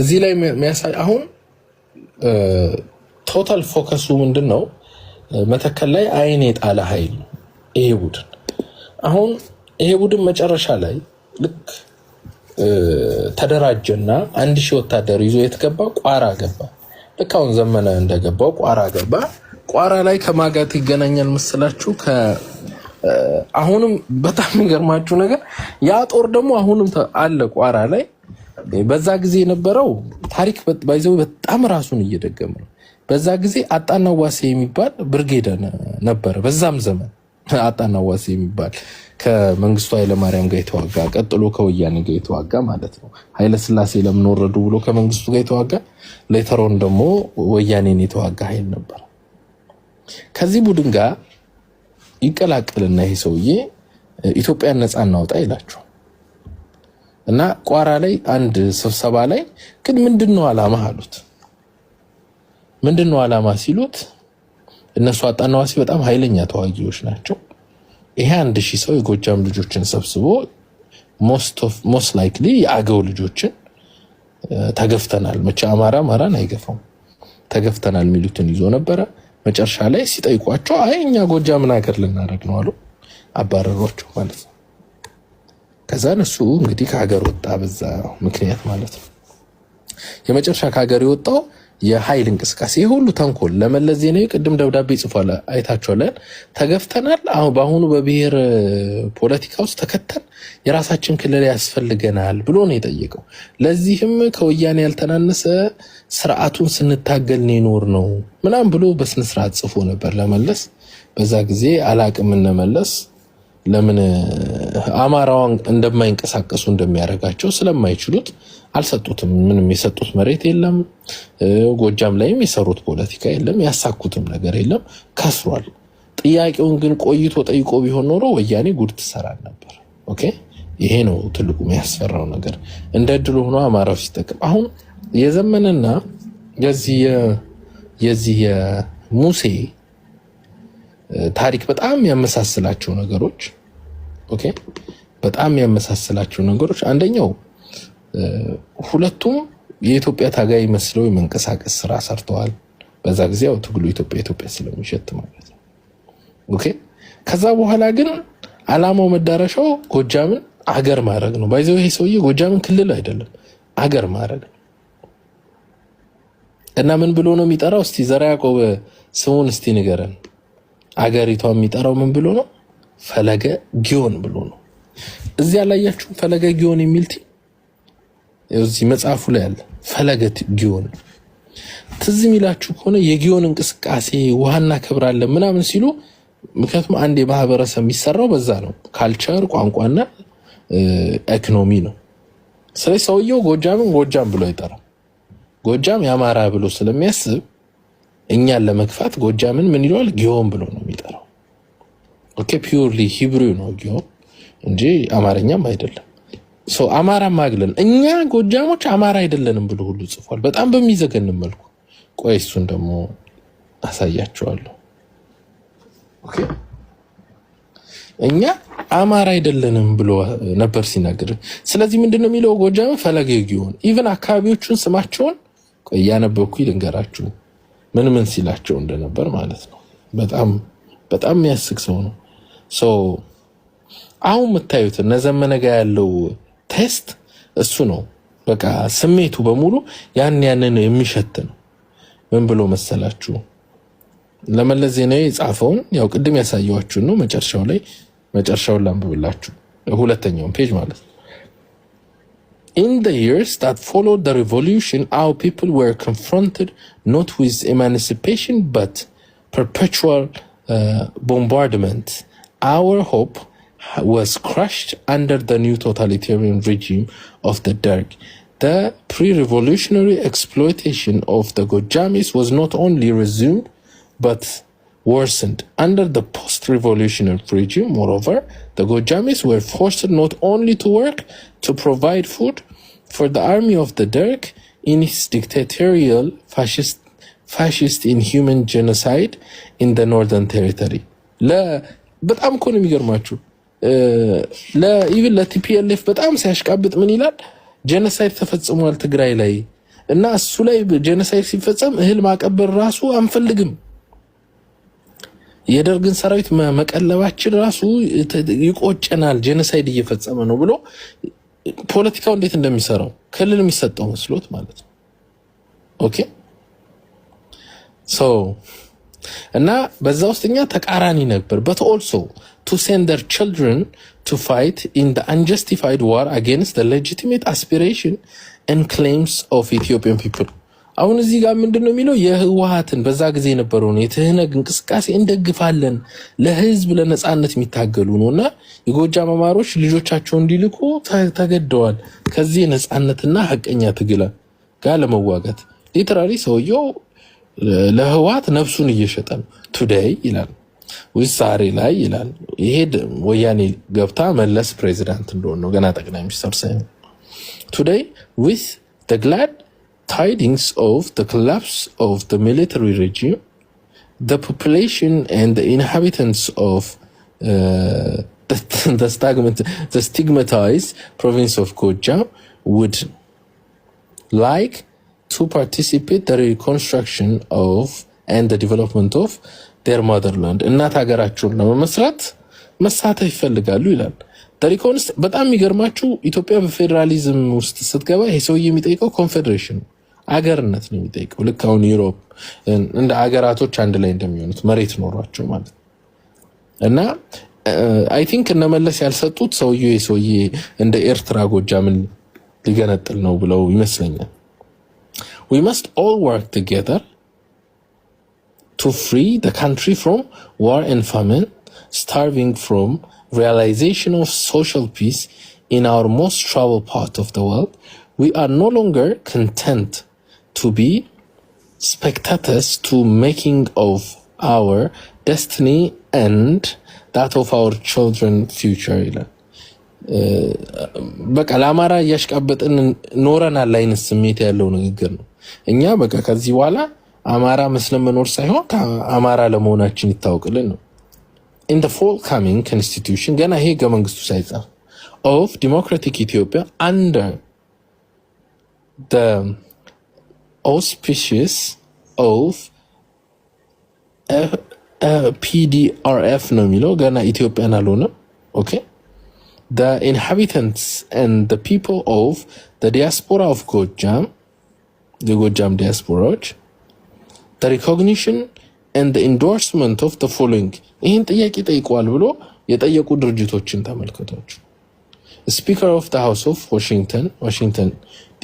እዚህ ላይ የሚያሳይ አሁን ቶታል ፎከሱ ምንድን ነው? መተከል ላይ አይን የጣለ ኃይል ይሄ ቡድን አሁን ይሄ ቡድን መጨረሻ ላይ ልክ ተደራጀና አንድ ሺህ ወታደር ይዞ የተገባ ቋራ ገባ። ልክ አሁን ዘመነ እንደገባው ቋራ ገባ። ቋራ ላይ ከማጋት ይገናኛል ምስላችሁ። አሁንም በጣም የሚገርማችሁ ነገር ያ ጦር ደግሞ አሁንም አለ ቋራ ላይ በዛ ጊዜ የነበረው ታሪክ ባይዘው በጣም ራሱን እየደገመ ነው። በዛ ጊዜ አጣና ዋሴ የሚባል ብርጌደ ነበረ። በዛም ዘመን አጣና ዋሴ የሚባል ከመንግስቱ ኃይለማርያም ጋር የተዋጋ ቀጥሎ ከወያኔ ጋር የተዋጋ ማለት ነው። ኃይለስላሴ ለምን ወረዱ ብሎ ከመንግስቱ ጋር የተዋጋ ሌተሮን ደግሞ ወያኔን የተዋጋ ኃይል ነበር። ከዚህ ቡድን ጋር ይቀላቀልና ይሄ ሰውዬ ኢትዮጵያን ነፃ እናውጣ ይላቸው እና ቋራ ላይ አንድ ስብሰባ ላይ ግን ምንድን ነው አላማ አሉት። ምንድን ነው አላማ ሲሉት እነሱ አጣናዋሲ በጣም ኃይለኛ ተዋጊዎች ናቸው። ይሄ አንድ ሺህ ሰው የጎጃም ልጆችን ሰብስቦ ሞስት ላይክሊ የአገው ልጆችን ተገፍተናል፣ መቼ አማራ አማራን አይገፋም፣ ተገፍተናል የሚሉትን ይዞ ነበረ። መጨረሻ ላይ ሲጠይቋቸው አይ እኛ ጎጃምን ሀገር ልናደርግ ነው አሉ። አባረሯቸው ማለት ነው። ከዛን እሱ እንግዲህ ከሀገር ወጣ፣ በዛ ምክንያት ማለት ነው። የመጨረሻ ከሀገር የወጣው የኃይል እንቅስቃሴ ሁሉ ተንኮል ለመለስ ዜናዊ ቅድም ደብዳቤ ጽፏል፣ አይታችኋለን። ተገፍተናል። አሁን በአሁኑ በብሔር ፖለቲካ ውስጥ ተከተን የራሳችን ክልል ያስፈልገናል ብሎ ነው የጠየቀው። ለዚህም ከወያኔ ያልተናነሰ ስርዓቱን ስንታገል የኖር ነው ምናም ብሎ በስነስርዓት ጽፎ ነበር ለመለስ በዛ ጊዜ አላቅም እነመለስ ለምን አማራዋን እንደማይንቀሳቀሱ እንደሚያደርጋቸው ስለማይችሉት አልሰጡትም። ምንም የሰጡት መሬት የለም። ጎጃም ላይም የሰሩት ፖለቲካ የለም። ያሳኩትም ነገር የለም። ከስሯል። ጥያቄውን ግን ቆይቶ ጠይቆ ቢሆን ኖሮ ወያኔ ጉድ ትሰራል ነበር። ኦኬ፣ ይሄ ነው ትልቁ የሚያስፈራው ነገር። እንደ ድል ሆኖ አማራው ሲጠቅም አሁን የዘመንና የዚህ የሙሴ ታሪክ በጣም ያመሳስላቸው ነገሮች ኦኬ፣ በጣም ያመሳስላቸው ነገሮች አንደኛው ሁለቱም የኢትዮጵያ ታጋይ መስለው የመንቀሳቀስ ስራ ሰርተዋል። በዛ ጊዜ ያው ትግሉ ኢትዮጵያ ኢትዮጵያ ስለሚሸት ማለት ነው። ኦኬ፣ ከዛ በኋላ ግን አላማው መዳረሻው ጎጃምን አገር ማድረግ ነው። ባይዘው ይሄ ሰውዬ ጎጃምን ክልል አይደለም አገር ማድረግ ነው። እና ምን ብሎ ነው የሚጠራው? እስቲ ዘራ ያቆበ ስሙን እስቲ ንገረን። አገሪቷ የሚጠራው ምን ብሎ ነው? ፈለገ ጊዮን ብሎ ነው። እዚህ ያላያችሁም ፈለገ ጊዮን የሚል እዚህ መጽሐፉ ላይ አለ። ፈለገ ጊዮን ትዝ የሚላችሁ ከሆነ የጊዮን እንቅስቃሴ ውሃ እናከብራለን ምናምን ሲሉ፣ ምክንያቱም አንድ የማህበረሰብ የሚሰራው በዛ ነው፣ ካልቸር ቋንቋና ኢኮኖሚ ነው። ስለዚህ ሰውየው ጎጃምን ጎጃም ብሎ አይጠራም። ጎጃም የአማራ ብሎ ስለሚያስብ እኛን ለመግፋት ጎጃምን ምን ይለዋል? ጊዮን ብሎ ነው የሚጠራው። ኦኬ ፒውርሊ ሂብሩ ነው ጊዮን እንጂ አማርኛም አይደለም። ሰው አማራም እኛ ጎጃሞች አማራ አይደለንም ብሎ ሁሉ ጽፏል። በጣም በሚዘገን መልኩ። ቆይ እሱን ደግሞ አሳያቸዋለሁ። ኦኬ እኛ አማራ አይደለንም ብሎ ነበር ሲናገር። ስለዚህ ምንድነው የሚለው? ጎጃም ፈለገ ጊዮን ኢቨን አካባቢዎቹን ስማቸውን እያነበብኩ ልንገራችሁ ምን ምን ሲላቸው እንደነበር ማለት ነው። በጣም በጣም የሚያስቅ ሰው ነው። አሁን የምታዩት እነዘመነ ጋ ያለው ቴስት እሱ ነው። በቃ ስሜቱ በሙሉ ያን ያንን የሚሸት ነው። ምን ብሎ መሰላችሁ ለመለስ ዜናዊ የጻፈውን ያው ቅድም ያሳየዋችሁን ነው። መጨረሻው ላይ መጨረሻውን ላንብብላችሁ፣ ሁለተኛውን ፔጅ ማለት ነው። In the years that followed the revolution, our people were confronted not with emancipation but perpetual uh, bombardment. Our hope was crushed under the new totalitarian regime of the Derg. The pre revolutionary exploitation of the Gojamis was not only resumed but worsened. Under the post revolutionary regime, moreover, the Gojamis were forced not only to work to provide food for the army of the Turk in its dictatorial fascist ፋሽስት ኢንሁማን ጄኖሳይድ ኢን ዘ ኖርዘርን ቴሪቶሪ። በጣም እኮ ነው የሚገርማችሁ። ኢቭን ለቲፒኤልኤፍ በጣም ሲያሽቃብጥ ምን ይላል? ጄኖሳይድ ተፈጽሟል ትግራይ ላይ እና እሱ ላይ ጄኖሳይድ ሲፈጸም እህል ማቀበል ራሱ አንፈልግም፣ የደርግን ሰራዊት መቀለባችን ራሱ ይቆጨናል፣ ጄኖሳይድ እየፈጸመ ነው ብሎ ፖለቲካው እንዴት እንደሚሰራው ክልል የሚሰጠው መስሎት ማለት ነው። ኦኬ ሰው እና በዛ ውስጥ እኛ ተቃራኒ ነበር። በት ኦልሶ ቱ ሴንደር ር ችልድረን ቱ ፋይት ኢን አንጀስቲፋይድ ዋር አጌንስት ሌጂቲሜት አስፒሬሽን ን ክሌምስ ኦፍ ኢትዮጵያን ፒፕል አሁን እዚህ ጋር ምንድን ነው የሚለው? የህወሀትን በዛ ጊዜ የነበረውን የትህነግ እንቅስቃሴ እንደግፋለን፣ ለህዝብ ለነፃነት የሚታገሉ ነው እና የጎጃም አማሮች ልጆቻቸውን እንዲልኩ ተገደዋል። ከዚህ ነፃነትና ሀቀኛ ትግል ጋር ለመዋጋት ሊትራሊ ሰውየው ለህወሓት ነፍሱን እየሸጠ ነው። ቱደይ ይላል ውሳሬ ላይ ይላል። ይሄ ወያኔ ገብታ መለስ ፕሬዚዳንት እንደሆነ ነው ገና ጠቅላይ ሚኒስትር ሳይሆን ቱደይ ዊስ ደግላድ tidings of the collapse of the military regime, the population and the inhabitants of uh, the, the, stagnant, the stigmatized province of Goja would like to participate the reconstruction of and the development of their motherland እናት ሀገራቸውን ለመመስራት መሳተፍ ይፈልጋሉ ይላል። በጣም የሚገርማችሁ ኢትዮጵያ በፌዴራሊዝም ውስጥ ስትገባ ይሄ ሰውዬ የሚጠይቀው ኮንፌዴሬሽን ነው። አገርነት ነው የሚጠይቀው። ልክ አሁን ዩሮፕ እንደ አገራቶች አንድ ላይ እንደሚሆኑት መሬት ኖሯቸው ማለት እና አይ ቲንክ እነመለስ ያልሰጡት ሰውዬ ሰውዬ እንደ ኤርትራ ጎጃምን ሊገነጥል ነው ብለው ይመስለኛል። ዊ መስት ኦል ወርክ ቱጌዘር ቱ ፍሪ ካንትሪ ፍሮም ዋር ኤንድ ፋሚን ስታርቪንግ ፍሮም ሪያላይዜሽን ኦፍ ሶሻል ፒስ ኢን አወር ሞስት ትራቭል ፓርት ኦፍ ዘ ወርልድ ዊ አር ኖ ሎንገር ኮንተንት to be spectators to making of our destiny and that of our children future ይላል። በቃ ለአማራ እያሽቃበጥን ኖረናል አይነት ስሜት ያለው ንግግር ነው። እኛ በቃ ከዚህ በኋላ አማራ መስለን መኖር ሳይሆን ከአማራ ለመሆናችን ይታወቅልን ነው። ኢን ዘ ፎል ካሚንግ ኮንስቲቱሽን ገና ይሄ ህገ መንግስቱ ሳይጻፍ ኦፍ ዲሞክራቲክ ኢትዮጵያ አንደር ኦስፒሽስ ኦፍ ፒዲአርኤፍ ነው የሚለው ገና ኢትዮጵያን አልሆነም። ኦኬ the inhabitants and the people of the diaspora of ጎጃም የጎጃም ዲያስፖራዎች the recognition and the endorsement of the following ይህን ጥያቄ ጠይቋል ብሎ የጠየቁ ድርጅቶችን ተመልክቶች ስፒከር ኦፍ the house of ዋሽንግተን ዋሽንግተን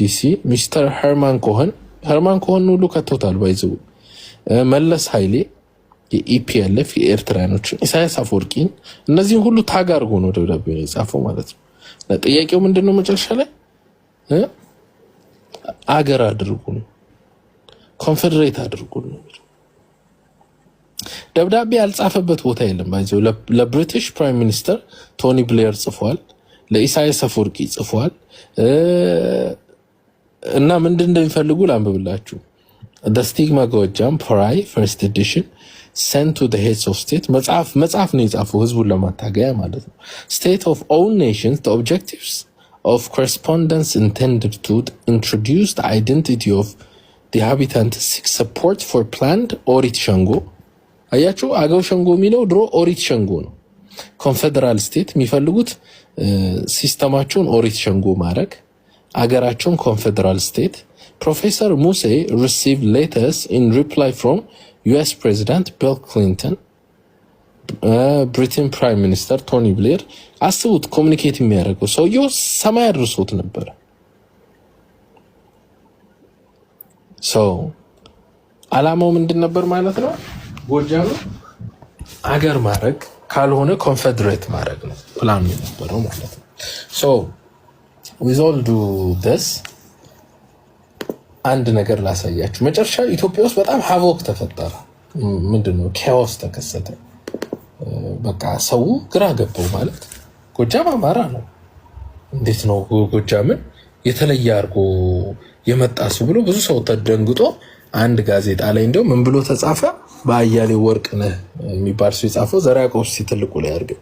ዲሲ ሚስተር ሄርማን ኮኸን ተርማን ከሆኑ ሁሉ ከተውታል። ባይዘው መለስ ኃይሌ የኢፒኤልኤፍ የኤርትራኖችን ኢሳያስ አፈወርቂን እነዚህም ሁሉ ታግ አድርጎ ነው ደብዳቤ ነው የጻፈው ማለት ነው። ጥያቄው ምንድን ነው? መጨረሻ ላይ አገር ነው ኮንፌዴሬት አድርጉ ነው ደብዳቤ ያልጻፈበት ቦታ የለም። ባይዘው ለብሪቲሽ ፕራይም ሚኒስተር ቶኒ ብሌየር ጽፏል፣ ለኢሳያስ አፈወርቂ ጽፏል። እና ምንድን እንደሚፈልጉ ላንብብላችሁ። ስቲግማ ጎጃም ፕራይ ፈርስት ኤዲሽን ሰንቱ ሄድስ ኦፍ ስቴት መጽሐፍ ነው የጻፈው፣ ህዝቡን ለማታገያ ማለት ነው። ስቴት ኦፍ ኦል ኔሽንስ ኦብጀክቲቭስ ኦፍ ኮረስፖንደንስ ኢንቴንድድ ቱ ኢንትሮዲውስ አይደንቲቲ ኦፍ ሀቢታንት ሲክ ሰፖርት ፎር ፕላንድ ኦሪት ሸንጎ። አያችሁ አገው ሸንጎ የሚለው ድሮ ኦሪት ሸንጎ ነው። ኮንፌደራል ስቴት የሚፈልጉት ሲስተማቸውን uh, ኦሪት ሸንጎ ማድረግ አገራቸውን ኮንፌደራል ስቴት ፕሮፌሰር ሙሴ ሪሲቭ ሌተርስ ኢን ሪፕላይ ፍሮም ዩኤስ ፕሬዚዳንት ቢል ክሊንተን ብሪትን ፕራይም ሚኒስተር ቶኒ ብሌር። አስቡት ኮሚኒኬት የሚያደርገው ሰውየው ሰማይ አድርሶት ነበረ። ሰው አላማው ምንድን ነበር ማለት ነው? ጎጃም አገር ማድረግ ካልሆነ ኮንፌዴሬት ማድረግ ነው ፕላኑ የነበረው ማለት ነው። ዊዞልዱ ደስ አንድ ነገር ላሳያችሁ። መጨረሻ ኢትዮጵያ ውስጥ በጣም ሀቮክ ተፈጠረ። ምንድነው ኬዎስ ተከሰተ። በቃ ሰው ግራ ገባው። ማለት ጎጃም አማራ ነው እንዴት ነው ጎጃምን የተለየ አድርጎ የመጣ ሱ ብሎ ብዙ ሰው ተደንግጦ፣ አንድ ጋዜጣ ላይ እንዲያው ምን ብሎ ተጻፈ? በአያሌው ወርቅነህ የሚባል ሰው የጻፈው ዘርዓ ትልቁ ላይ አድርገው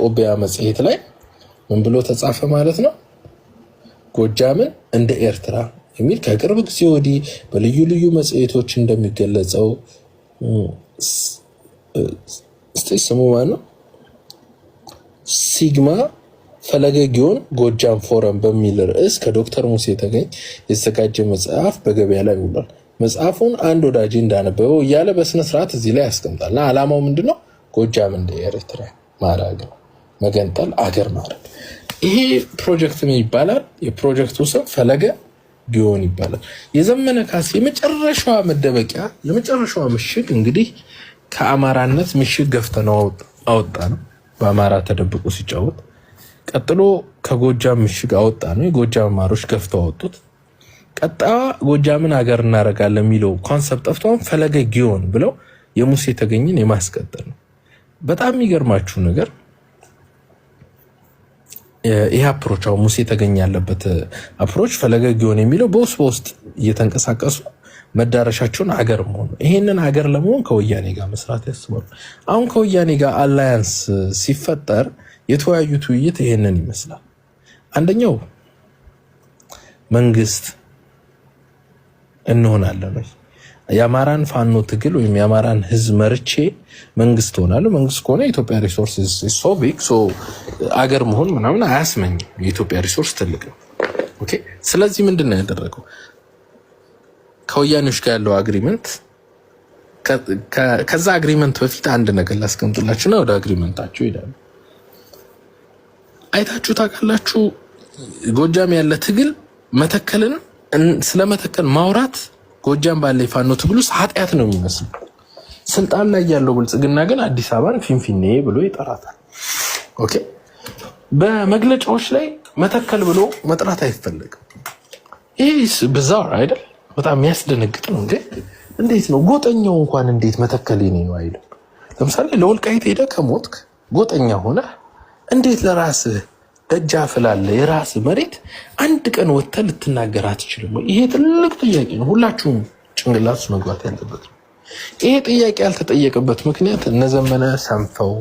ጦቢያ መጽሔት ላይ ምን ብሎ ተጻፈ ማለት ነው? ጎጃምን እንደ ኤርትራ የሚል ከቅርብ ጊዜ ወዲህ በልዩ ልዩ መጽሔቶች እንደሚገለጸው ስ ስሙ ማን ነው? ሲግማ ፈለገ ጊዮን ጎጃም ፎረም በሚል ርዕስ ከዶክተር ሙሴ የተገኝ የተዘጋጀ መጽሐፍ በገበያ ላይ ውሏል። መጽሐፉን አንድ ወዳጅ እንዳነበበው እያለ በስነስርዓት እዚህ ላይ ያስቀምጣል ያስቀምጣልና ዓላማው ምንድነው? ጎጃም እንደ ኤርትራ ማድረግ ነው። መገንጠል አገር ማድረግ። ይሄ ፕሮጀክት ምን ይባላል? የፕሮጀክቱ ስም ፈለገ ጊዮን ይባላል። የዘመነ ካሴ የመጨረሻዋ መደበቂያ የመጨረሻዋ ምሽግ እንግዲህ ከአማራነት ምሽግ ነው አወጣ ነው። በአማራ ተደብቆ ሲጫወት ቀጥሎ ከጎጃም ምሽግ አወጣ ነው። የጎጃም አማሮች ገፍተው አወጡት። ቀጣዋ ጎጃምን አገር እናደርጋለን የሚለው ኮንሰፕት ጠፍቷን ፈለገ ጊዮን ብለው የሙሴ ተገኝን የማስቀጠል ነው። በጣም የሚገርማችሁ ነገር ይህ አፕሮች አሁን ሙሴ ተገኝ ያለበት አፕሮች ፈለገ ጊዮን የሚለው በውስጥ በውስጥ እየተንቀሳቀሱ መዳረሻቸውን አገር መሆኑ ይሄንን አገር ለመሆን ከወያኔ ጋር መስራት ያስባሉ። አሁን ከወያኔ ጋር አላያንስ ሲፈጠር የተወያዩት ውይይት ይሄንን ይመስላል። አንደኛው መንግስት እንሆናለን ወይ የአማራን ፋኖ ትግል ወይም የአማራን ህዝብ መርቼ መንግስት ሆናለሁ። መንግስት ከሆነ የኢትዮጵያ ሪሶርስ ሶ ቢግ ሶ አገር መሆን ምናምን አያስመኝም። የኢትዮጵያ ሪሶርስ ትልቅ ነው። ኦኬ። ስለዚህ ምንድን ነው ያደረገው? ከወያኔዎች ጋር ያለው አግሪመንት ከዛ አግሪመንት በፊት አንድ ነገር ላስቀምጥላችሁና ወደ አግሪመንታችሁ ይሄዳሉ። አይታችሁ ታውቃላችሁ። ጎጃም ያለ ትግል መተከልን ስለመተከል ማውራት ጎጃም ባለ የፋኖ ትግል ውስጥ ኃጢአት ነው የሚመስል። ስልጣን ላይ ያለው ብልጽግና ግን አዲስ አበባን ፊንፊኔ ብሎ ይጠራታል። ኦኬ በመግለጫዎች ላይ መተከል ብሎ መጥራት አይፈለግም። ይህ ብዛ አይደል? በጣም የሚያስደነግጥ ነው። እንዴት ነው ጎጠኛው እንኳን እንዴት መተከል ኔ ነው አይልም። ለምሳሌ ለወልቃይት ሄደ ከሞትክ ጎጠኛ ሆነ እንዴት ለራስህ ደጃፍ ላለ የራስ መሬት አንድ ቀን ወጥተህ ልትናገር አትችልም? ይሄ ትልቅ ጥያቄ ነው። ሁላችሁም ጭንቅላት መግባት ያለበት ነው። ይሄ ጥያቄ ያልተጠየቀበት ምክንያት እነዘመነ ሰንፈው